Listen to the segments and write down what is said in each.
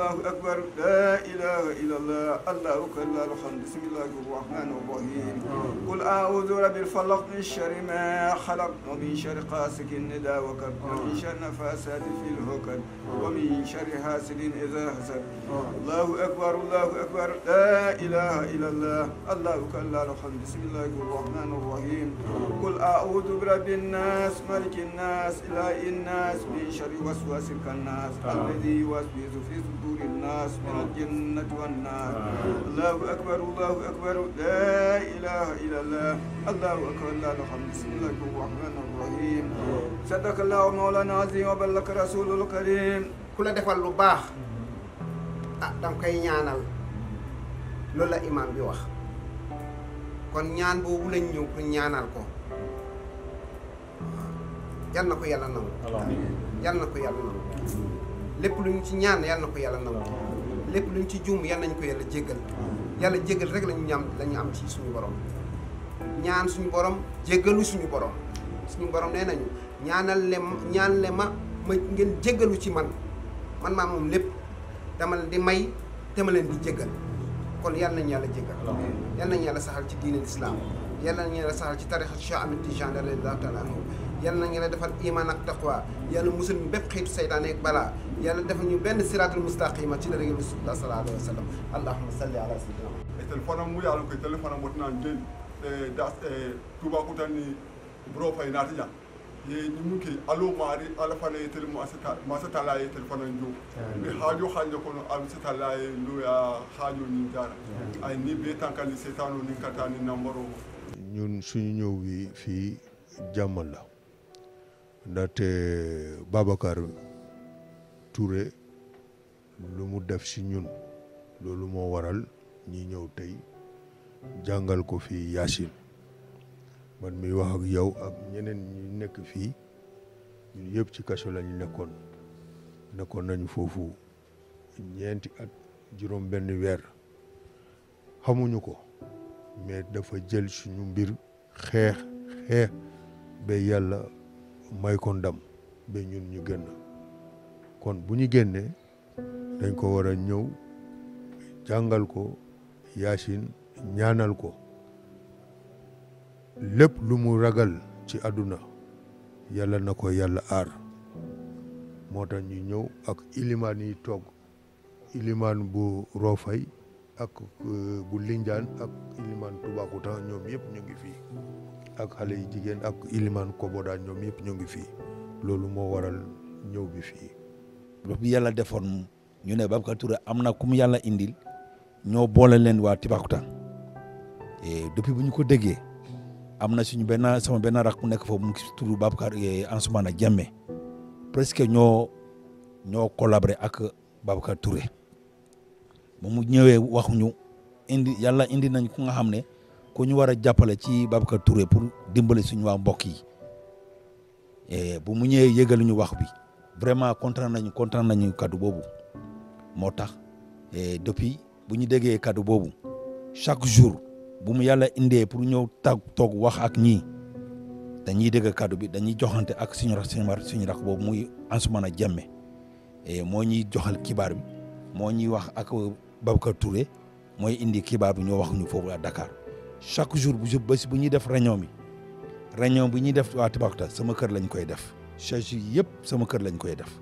الله أكبر لا إله إلا الله الله أكبر الله الحمد بسم الله الرحمن الرحيم قل أعوذ برب الفلق من شر ما خلق ومن شر قاسك الندى وكب ومن شر نفاسات في الهكل ومن شر حاسد إذا حسد الله أكبر الله أكبر لا إله إلا الله الله أكبر الله الحمد بسم الله الرحمن الرحيم قل أعوذ برب الناس ملك الناس إله الناس من شر وسواس الناس الذي يوسوس في صدور الناس من الجنة والنار آه. الله أكبر الله أكبر لا إله إلا الله الله أكبر لا الحمد بسم الله الرحمن الرحيم آه. صدق الله مولانا العظيم وبلغ رسول الكريم كل دفع defal lu كي ah danga إمام بيوخ loolu la imaam bi wax kon ñaan boobu lañ ñëw pour ñaanal ko yal na ko lépp lu ñu ci ñaan yàlla na ko yàlla nangu lépp lu ñu ci juum yàlla nañ ko yàlla jéggal yàlla jéggal rek lañu ñam lañu am ci suñu borom ñaan suñu borom jéggalu suñu borom suñu borom nee nañu ñaanal le ñaan le ma ma ngeen jéggalu ci man man maa moom lépp dama leen di may te ma leen di jéggal kon yàlla nañu yàlla jéggal yàlla nañu yàlla saxal ci diine lislaam yàlla nañu yàlla saxal ci tarixa Cheikh Ahmed Tidiane radiyallahu taala anhu yal na ngeen defal iman ak taqwa yàlla musul ñu bépp xeetu saytaane ak balaa yàlla defal ñu benn siraatul mustaqima ci daraja rasulullah sallallahu alayhi wa sallam allahumma salli ala sayyidina e téléphone am mu yaalu koy téléphone am wotinan jeni e das e tubakutan ni bro fay naati jang ye ni mun ke alo maari ala fana ye tele masa tala ye téléphone an jo mbe haajo hanje kono aɓe si tala ye loya haajo nin jara ay ni be tankali seytano nin kata ni nambaro ñun suñu ñëw wi fii jàmm la ndaxte Babacar ture lu mu def ci ñun loolu moo waral ñi ñëw tey jàngal ko fii Yacine man mi wax ak yow ak ñeneen ñi nekk fii ñun yëpp ci kaso la ñu nekkoon nekkoon nañu foofu ñeenti at juróom benn weer xamuñu ko mais dafa jël suñu mbir xeex xeex ba yàlla may kon dam ba ñun ñu génn kon bu ñu génnee dañ ko war a ñëw jàngal ko yaasin ñaanal ko lépp lu mu ragal ci àdduna yàlla na ko yàlla aar moo tax ñu ñëw ak ilimaan yi toog ilimaan bu Roofay ak euh, bu Linjaan ak ilimaan Toubacouta ñoom yëpp ñu ngi fii ak xale yu jigéen ak Ilimane Koboda ñoom yëpp ñu ngi fii loolu moo waral ñëw bi fii. bu yàlla defoon ñu ne Babacar Touré am na ku mu yàlla indil ñoo boole leen waa Toubacouta et eh, depuis bu ñu ko déggee am na suñu benn sama benn rakk mu nekk foofu mu ngi si turu Babacar eh, Ansoumana Diame presque ñoo ñoo collaboré ak Babacar Touré ba mu ñëwee waxuñu indi yàlla indi nañ ku nga xam ne. ko ñu war a jàppale ci Babacar Touré pour dimbali suñu waa mbokk yi eh, bu mu ñëwee yëgal ñu wax bi vraiment kontaan nañu kontaan nañu kaddu boobu moo tax eh, depuis bu ñu déggee kaddu boobu chaque jour bu mu yàlla indee pour ñëw tag toog wax ak ñii dañuy dégg kaddu bi dañuy joxante ak suñu rak suñu rak boobu muy Ansoumana Diémé eh, moo ñuy joxal kibaar bi moo ñuy wax ak Babacar Touré mooy indi kibaar bi ñoo wax ñu foofu à Dakar. chaque jour bu bés bu ñuy def réunion bi réunion bu ñuy def wa tabakta sama kër lañ koy def siège yi yëpp sama kër lañ koy def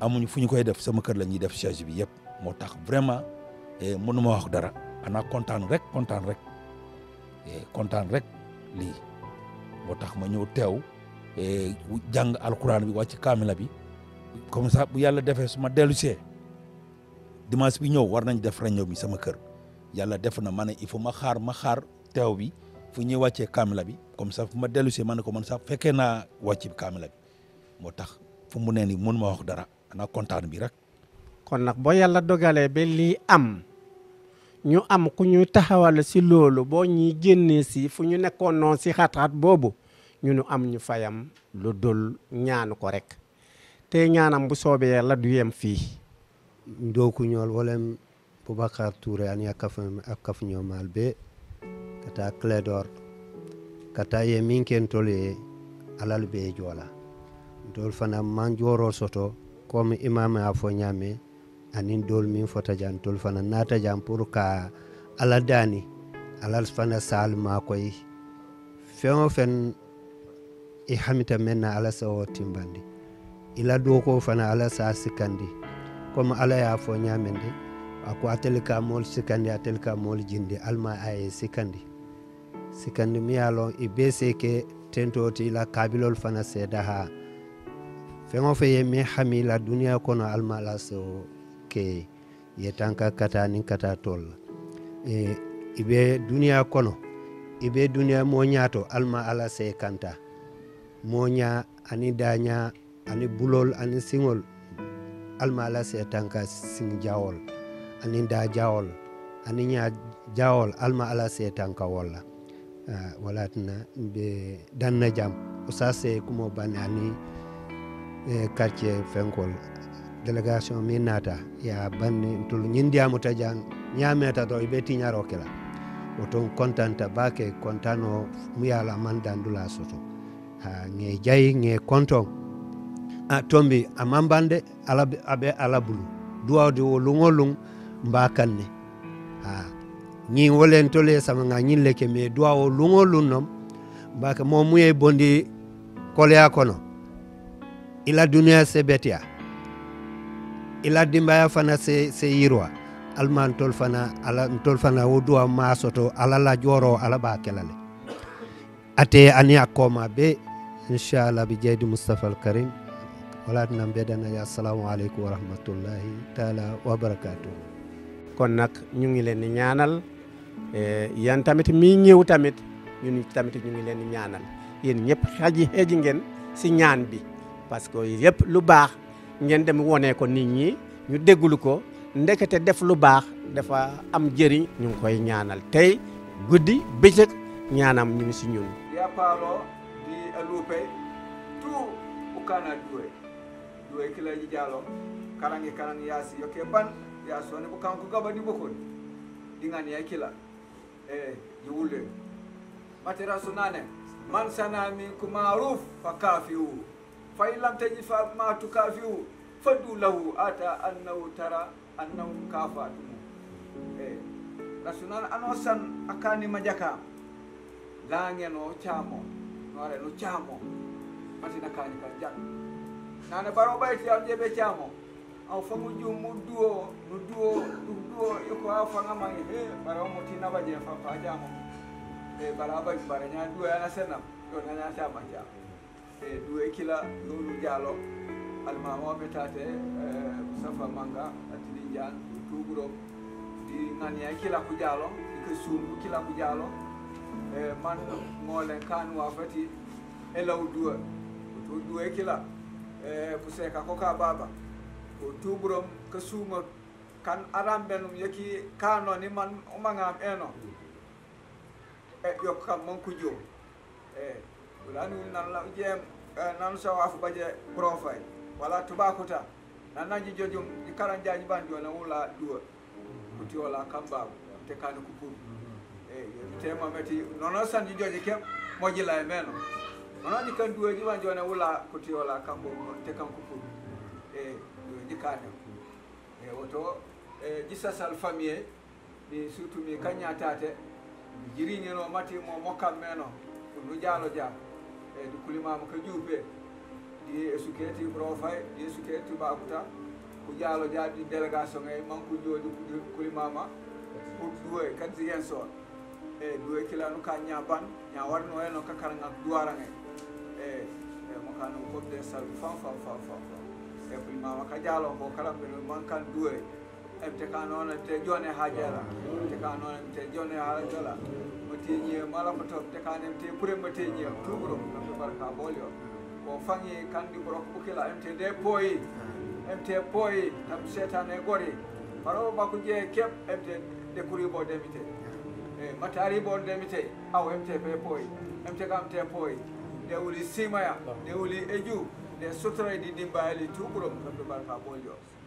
amuñu fuñ koy def sama kër lañ def siège bi yépp motax vraiment vraiment eh, mënu ma wax dara Ana contane rek contane rek contane eh, rek Li. motax ma ma tew teew eh, jang alcorane bi wacc kamila bi comme ça bu yalla défé su ma dimanche bi ñëw war nañ def réunion bi sama kër. yàlla def na ma ne il ma xaar ma xaar teew bi fu ñuy wàccee kaamila bi comme ça fu ma dellu man ne ko man sax fekkee naa wàcc kaamila moo tax fu mu ne nii mun ma wax dara ana kontaan bi rek. kon nag boo yàlla dogalee ba lii am ñu am ku ñu taxawal si loolu boo ñuy génnee si fu ñu nekkoon noon si xat-xat boobu ñu nu am ñu fayam lu dul ñaanu ko rek te ñaanam bu soobee yàlla du fii. ndooku ñool wala boubacar touré ani a kafuñomal be kata clédor kata ye min kentolu ye alal be joola dool fana man jooro soto comme imama a fo ñaame anin dool min fota jan tol fana naata jan pour ka ala daani alal fana saal ma koy fen o feŋ i hamita men na ala sawo timbandi ila dooko fana ala sa sikandi comme ala ye a fo ñaamen ako atelka ka mol sikandi atelka ka mol jindi alma aye sikandi sikandi mi ye lon i be se ke ti la kabilol fana seda ha feŋ fe ye mi hami la duniya kono alma la so ke ye tanka kata niŋ kata tol la e, i be duniya kono i be duniya mooñaa to alma ala se kanta mooñaa ani daañaa ani bulol ani siŋol alma ala se tanka siŋ jawol anin da jawol anin ya jawol alma ala setan ka ah, wala wala tana be na jam se kuma bani ani quartier e, fenkol délégation min nata ya tul tol ñindiyamuta jan nyameta do ɓe tiñaro kela oton kontanta bake contano muyala man dandula soto ha ŋe jay ŋe konton a ah, tombi amambande ala aɓe alabulu duwawde wo luŋo luŋ mbakanne ha ni wolen tole sama nga nyin leke me duwa o lungo lunom mbaka mo muye bondi kolea kono ila dunia se betia ila dimbaya fana se se yirwa alman tol fana ala tol fana wo ma soto ala la joro ala ba kelale ate ani akoma be inshallah bi jaydi mustafa al karim wala tan bedana ya assalamu alaykum wa rahmatullahi ta'ala wa barakatuh kon nag ñu ngi leen di ñaanal eh, yan tamit mi ñëw tamit ñun tamit ñu ngi leen di ñaanal yéen ñëpp xaji xeeji ngeen si ñaan bi parce que yëpp lu baax ngeen dem wonee ko nit ñi ñu dégglu ko ndekete def lu baax dafa am jëriñ ñu koy ñaanal tey guddi bëccëg ñaanam ñu ngi si ñun yapaalo di alupe tu ukana duwe duwe kila jijalo karangi karangi yasi yoke ban ya so ne bukan ku gaba di bukun dinga ne yakila eh yiwule matira sunane man sana ku ma'ruf kafiu fa in lam tajid fa ma tukafiu fadu lahu ata annahu tara annahu kafatumu eh rasunan anosan akani majaka lange no chamo nore no chamo matina kani kan jan nane baro baiti amjebe chamo awfa mujjum mudduwo nudduwo ɗugduwo eko afa ngama he bara omo tinaba je fa fa jamo e bara abaj bara nya duwa yana senam ɗo nana tama jam e duwe kila lolu jaalo almamoɓe tate eh, moustapha manga attini jan tuɓuro ɗi ganiya kila ko jaalo ɗike sumbu kila ko jaalo e man ngolen kanuwa fati e law duwa to duwe kila e ko seeka ko ka baba o tuburom ka kan aram benum yeki kano ni man umaŋam eno e eh, yok kam man kujo e eh, ulani nan la jem eh, nan sawa fu baje profile wala tubakuta nan nanji jojum ni karan jaji banjo na wula duwa kuti wala kamba te kan e tema meti nono sanji joji kem moji la meno nono ni kan duwa ji banjo na wula kuti wala kambo te kan kukur e kada e eh, woto e eh, jisasal famiye mi surtout mi kañatate mi jiriñeno matimo mokkam me no ko nu jaalo dia e eh, du kulimama ko juupe ɗi e suketi bro fay ɗi e suketi bakuta ko jaalo dia ɗi délégation ŋe manko joodi kulimama pour duwoy kadi sigen soon e duwoy kilanu ka ñaban ña warno heno kakara ŋa duwara ŋe e mo kano comme des salve fan fan fan fan e mama ka jalo ko kala mbeɗo mankan duwe emte ka te jone ha jeela te ka noon emte jone ha jeela mo teñiyem ala ko te kane emte pour mo teñiyem tuɓro ɗumɓe barka o ko fangi kandi ɓoroko ɓukila emte nde pooyi emte pooyi tam ne gori mbaɗo bako jeeye keɓ emte nde kuribo ndemite eyi mbatta aribo ndemite aw emte fe pooyi emte te pooyi nde wuli simaya nde wuli eju l e s u t e r a e d i n d i m b a y l i tuɓurom kamɓe mbar ka ɓ o l i o